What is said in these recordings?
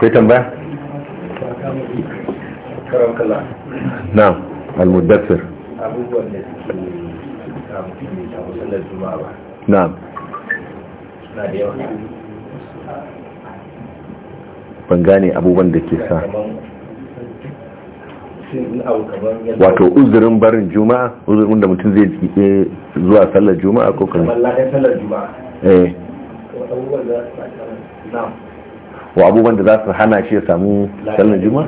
kai tambaya na al-muddassir abubuwan da suke ah, juma'a ba na da yawa ban gane abubuwan da ke sa wato uzurin barin juma'a uzurin da mutum zai jike eh, zuwa sallar juma'a ko kan? kuma sallar juma'a eh abubuwan da na'am wa abubuwan da za su hana shi ya samu sallar juma'a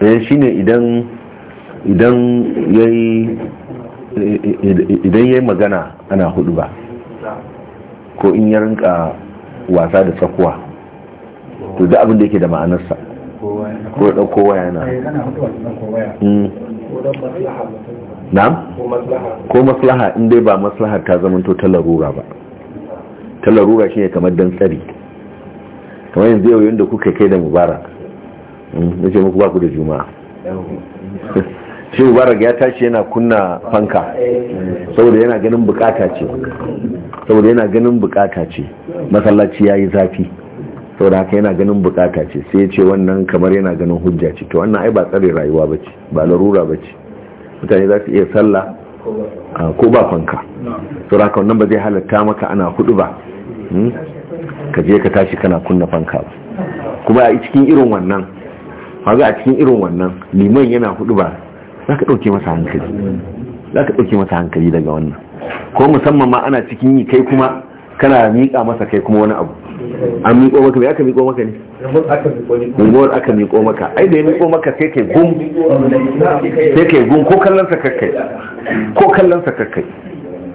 eh shi ne idan ya yi magana ana hudu ba ko in ya rinka wasa da tsakuwa to da abin da yake da ma'anarsa ko ya dauko waya na hmm. na'am ko maslaha in dai ba maslaha ta zamanto ta larura ba ta larura shine kamar dan tsari kamar yanzu yau yadda kuka kai da mubarak hmm, na ce muku baku da juma'a shi mubarak ya tashi yana kunna fanka saboda yana ganin bukata ce saboda yana ganin bukata ce masallaci ya yi zafi saboda haka yana ganin bukata ce sai ya ce wannan kamar yana ganin hujja ce to wannan ai ba tsare rayuwa ba ce ba larura ba ce mutane za su iya sallah ko ba fanka saboda haka wannan ba zai halatta maka ana hudu ba hmm? ka je ka tashi kana kunna fanka ba kuma a cikin irin wannan haga a cikin irin wannan liman yana hudu ba za ka dauke masa hankali za ka dauke masa hankali daga wannan ko musamman ma ana cikin yi kai kuma kana miƙa masa kai kuma wani abu an miƙo maka me aka miƙo maka ne unguwar aka miƙo maka ai da ya miƙo maka sai kai gum sai kai gum ko kallon sa ko kallon sa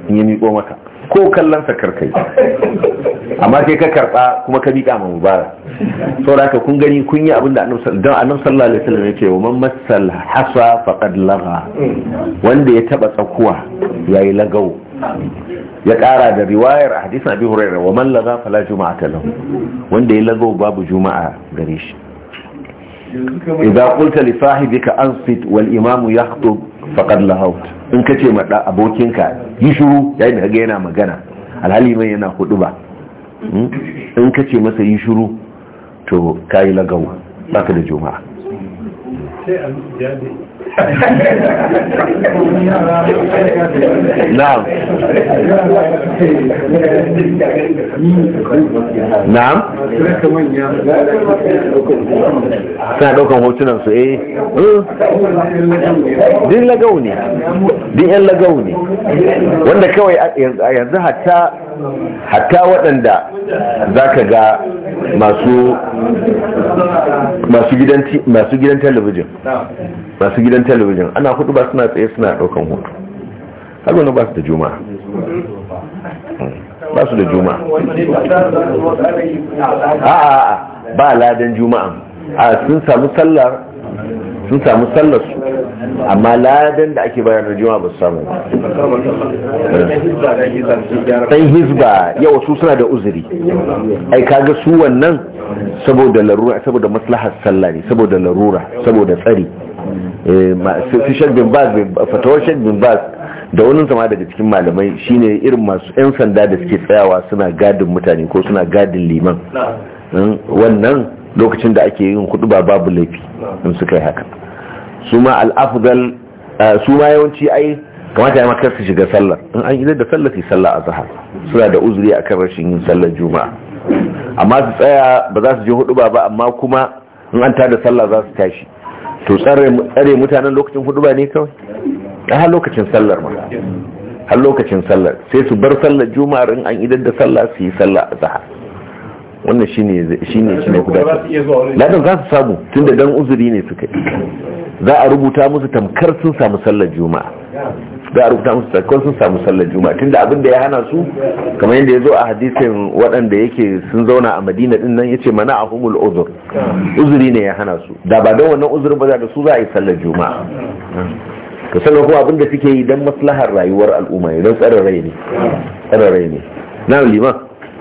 in ya miƙo maka ko kallon sa karkai amma sai ka karɓa kuma ka bika ma mubarak saboda ka kun gani kun yi abinda annabi sallallahu alaihi wasallam yace wa man massal hasa faqad laga wanda ya taba tsakuwa yayi lagau ya ƙara da riwayar hadisin abi hurairah wa man laga fala juma'ata lahu wanda ya lagau babu juma'a gare shi idza qulta li sahibika ansit wal imamu yakhutub Faƙar lahaut in ka ce maɗa abokinka yi shiru yi da kaga yana magana alhali mai yana hudu ba hmm? in ka ce masa yi shuru to ka kayi lagawa ka da juma'a na'am na'am ɗaukan hotunan su e. Eh. Hmm. din lagau ne din wanda kawai yanzu hatta hatta waɗanda za ka ga masu gidan talabijin masu gidan talibijin ana hudu ba suna tsaye suna ɗaukan hutu har wani ba su da juma'a ba su da juma'a a a ba ladan juma'a a sun samu sallar sun samu sallar su amma ladan da ake bayar da juma'a ba su samu ɗan hizba yawa su suna da uzuri ai kaga su wannan saboda larura saboda maslahar sallah ne saboda larura saboda tsari eh, su shagbin baz fatawar shagbin baz da wani sama daga cikin malamai shine irin masu 'yan sanda da suke tsayawa suna gadin mutane ko suna gadin liman hmm, wannan lokacin da ake yin kudu ba babu laifi in suka yi haka su ma al'afudal eh, su ma yawanci ai kamata ya makar su shiga sallar in an yi da sallar su sallar a zahar suna da uzuri a kan rashin yin sallar juma'a amma su tsaya ba za su je hudu ba ba amma kuma in an tada sallah za su tashi to tsare mutanen lokacin hudu ba ne kawai a har lokacin sallar ma har lokacin sallar sai su bar sallar juma'ar in an idar da sallah su yi sallah a zahar wannan shine shi ne ku dace ladan za su samu tunda dan uzuri ne suka za a rubuta musu tamkar sun samu sallar juma'a za a rubuta musu tamkar sun samu sallar juma'a tunda abin da ya hana su kamar yadda ya zo a hadisin waɗanda yake sun zauna a madina din nan yace mana ahumul uzur uzuri ne ya hana su da ba don wannan uzurin ba za da su za a yi sallar juma'a Ka sannan kuma abin da suke yi don maslahar rayuwar al'umma ne don tsarin rai ne tsarin rai ne na liman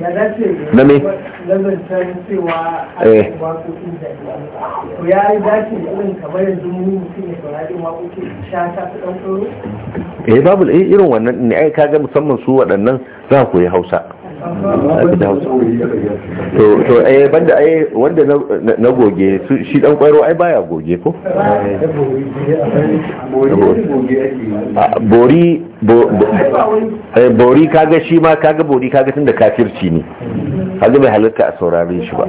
ya dace na me eh to ya yi dace irin kamar yanzu mu mutum ya saurari waƙoƙi sha ta su ɗan tsoro eh babu eh, irin wannan ne ai kaga musamman su waɗannan za ku yi hausa to to eh, banda ai eh, wanda na goge shi dan kwaro ai baya goge ko bori bori eh, kaga shi ma kaga bori kaga tunda kafirci ne mm. kaga bai halitta a saurari shi ba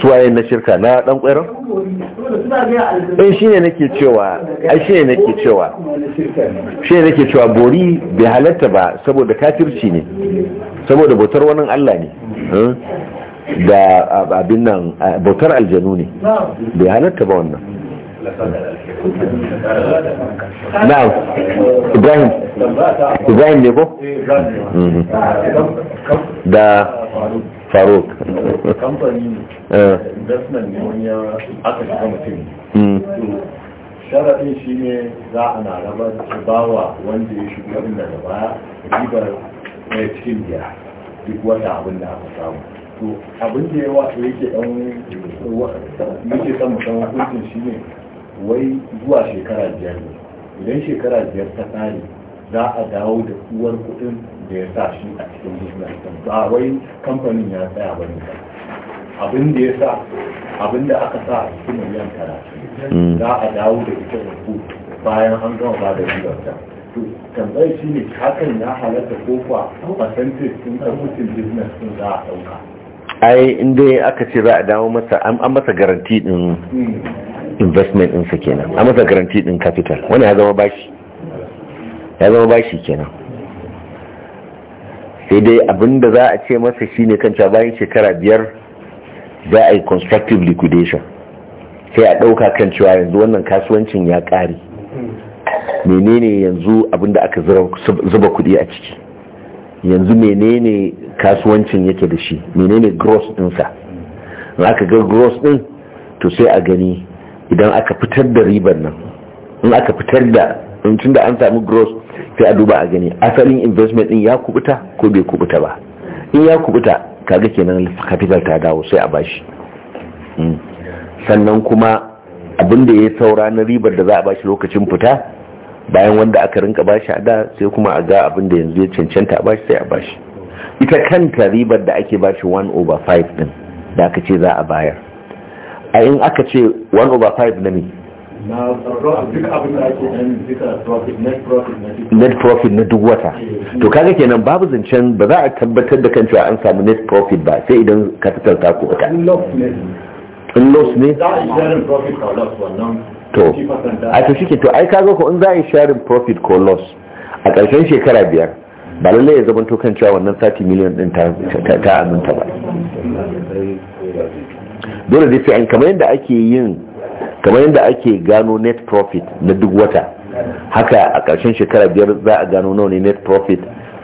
suwaye na shirka na dan kwairon? in shi ne nake cewa ai shi ne nake cewa shi ne nake cewa bori bai halitta ba saboda kafirci ne saboda bautar wani allah ne eh, da abin nan bautar aljanu ne bai halitta ba wannan na'am ibrahim ibrahim ne ko mhm. da faruk kamfani eh. investment ne wani aka shiga mutum mhm. shi ne za a na rabar bawa wanda ya shiga da baya ribar ɗaya cikin biya duk wata abin da aka samu to abin da yake ɗan yake shi ne wai zuwa shekara biyar ne idan shekara biyar ta tsari za a dawo da uwar kuɗin da ya sa shi a cikin business din ba wai kamfanin ya tsaya ba ne abin da ya sa abin da aka sa a cikin miliyan tara hmm. za a dawo da ita da ku bayan an gama ba da ribarta to tambayar shi ne hakan ya halatta ko kuwa percentage sun ɗaukucin business sun za a ɗauka ai inda aka ce za a dawo masa an masa garanti din hmm. investment ɗinsa kenan a masa garanti din capital wani ya zama bashi ya zama bashi kenan sai dai abinda za a ce masa shine kanta bayan shekara biyar za a yi constructive liquidation sai a ɗauka kan cewa yanzu wannan kasuwancin ya kare menene yanzu abinda aka zuba kuɗi a ciki yanzu menene kasuwancin yake da shi menene gross ɗinsa in aka ga gross din to sai a gani idan aka fitar da ribar nan in aka fitar da tun da an samu gross sai a duba a gani asalin investment din ya kubuta ko bai kubuta ba in ya kubuta kaga kenan capital ta dawo sai a bashi hmm. sannan kuma abin da ya saura na ribar da za a bashi lokacin fita bayan wanda aka rinka bashi a da sai kuma a ga abin da yanzu ya cancanta a bashi sai a bashi ita kanta ribar da ake bashi 1 over 5 din da aka ce za a bayar a in aka ce 1 over 5 na ne net profit na duk wata eh. to kaga kenan babu zancen ba za a tabbatar da kan cewa an samu net profit ba sai idan capital ta ko ka in loss ne to a to shike to ai kaga ko in za a yi sharing profit ko loss a ƙarshen shekara biyar ba lalle ya zama to kan cewa wannan 30 million din ta aminta ba dole dai sai kamar yadda ake yin kamar yadda ake gano net profit na duk wata haka a ƙarshen shekara biyar za a gano nawa ne net profit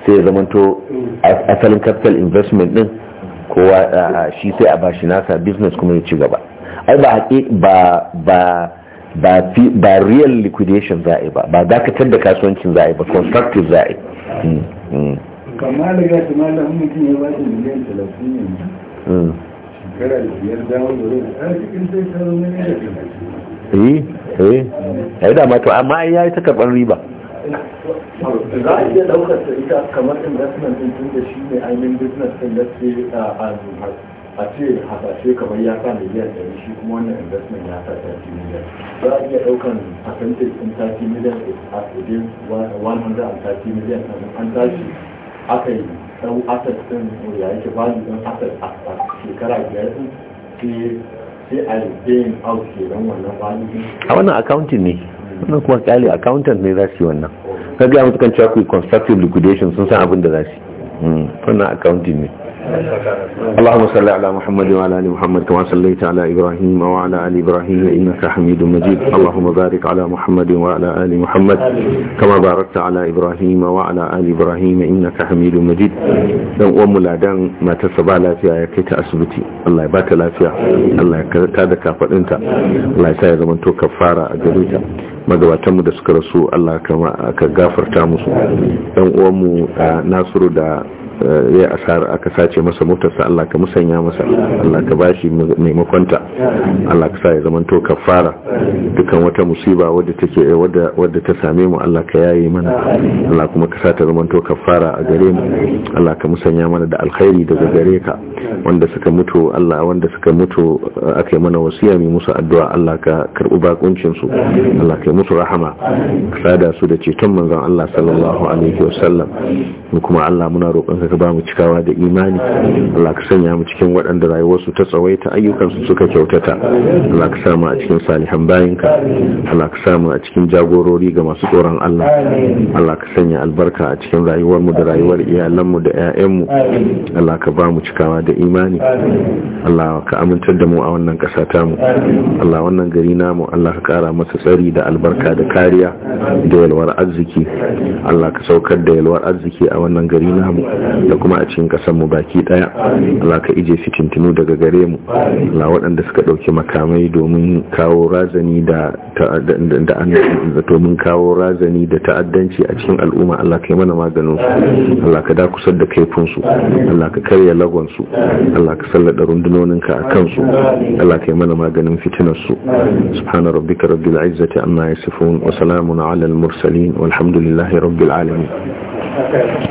sai ya zamanto asalin capital investment din kowa shi sai a bashi nasa business kuma ya ci gaba ai ba ba ba ba ba real liquidation za a yi ba ba dakatar da kasuwancin za a yi ba constructive za a yi mm, mm. kamar da ga mutum ya ba shi miliyan 30 yanzu shekara biyar damar da zai eh eh da ma to amma ya yi ta karɓar riba za a iya ɗaukar ta ita kamar investment din tun da shi ne ainihin business din da ce a ce hasashe kamar ya sa miliyan ɗari shi kuma wannan investment ya sa ɗari miliyan za a iya ɗaukar percentage din 30 miliyan a kudin 130 miliyan an tashi aka yi ɗau asset din ya yake value din asset a shekara biyar sai a wannan wani a wannan accounting ne hmm. wannan kuma kyali accountant ne za su yi wannan kaga oh. ya mutu kan cewa ku constructive liquidation sun san abin da za su yi kuna akawunti ne Allahumma salli ala Muhammad Majid dan uwan ladan mata saba lafiya ya kai ta asibiti Allah ya lafiya Allah ya kada kafadinta sa ya zama kafara a gare magabatanmu da suka rasu Allah ka gafarta musu ɗan uwanmu Nasiru da ya asara aka sace masa motarsa Allah ka musanya masa Allah ka bashi maimakonta Allah ka sa ya zama to kafara dukan wata musiba wadda take wadda wadda ta same mu Allah ka yaye mana Allah kuma ka sa ta zama to kafara a gare mu Allah ka musanya mana da alkhairi daga gare ka wanda suka mutu Allah wanda suka mutu uh, aka mana wasiya mai musu addu'a Allah ka karbi bakuncin su Allah ka yi musu rahama ka sada su da ceton manzon Allah sallallahu alaihi wasallam mu kuma Allah muna roƙonka ka ba mu cikawa da imani Allah ka sanya mu cikin waɗanda rayuwarsu ta tsawaita ayyukansu suka kyautata Allah ka samu a cikin salihan bayinka Allah ka samu a cikin jagorori ga masu tsoron Allah Allah ka sanya albarka a cikin rayuwarmu da rayuwar iyalanmu da 'ya'yanmu Allah ka ba mu cikawa da imani Allah ka amintar da mu a wannan ƙasa mu. Allah wannan gari namu Allah ka ƙara masa tsari da albarka da kariya da yalwar arziki Allah ka saukar da yalwar arziki a wannan gari namu da kuma a cikin kasar mu baki daya Allah ka ije tuntunu daga gare mu Allah waɗanda suka ɗauki makamai domin kawo razani da domin kawo razani da ta'addanci a cikin al'umma Allah ka yi mana maganin su Allah ka da kusar da kaifin su Allah ka karya lagon su Allah ka sallada rundunonin ka a kansu Allah ka yi mana maganin fitinar su subhana rabbika rabbil izzati amma yasifun wa salamun ala al mursalin walhamdulillahi rabbil alamin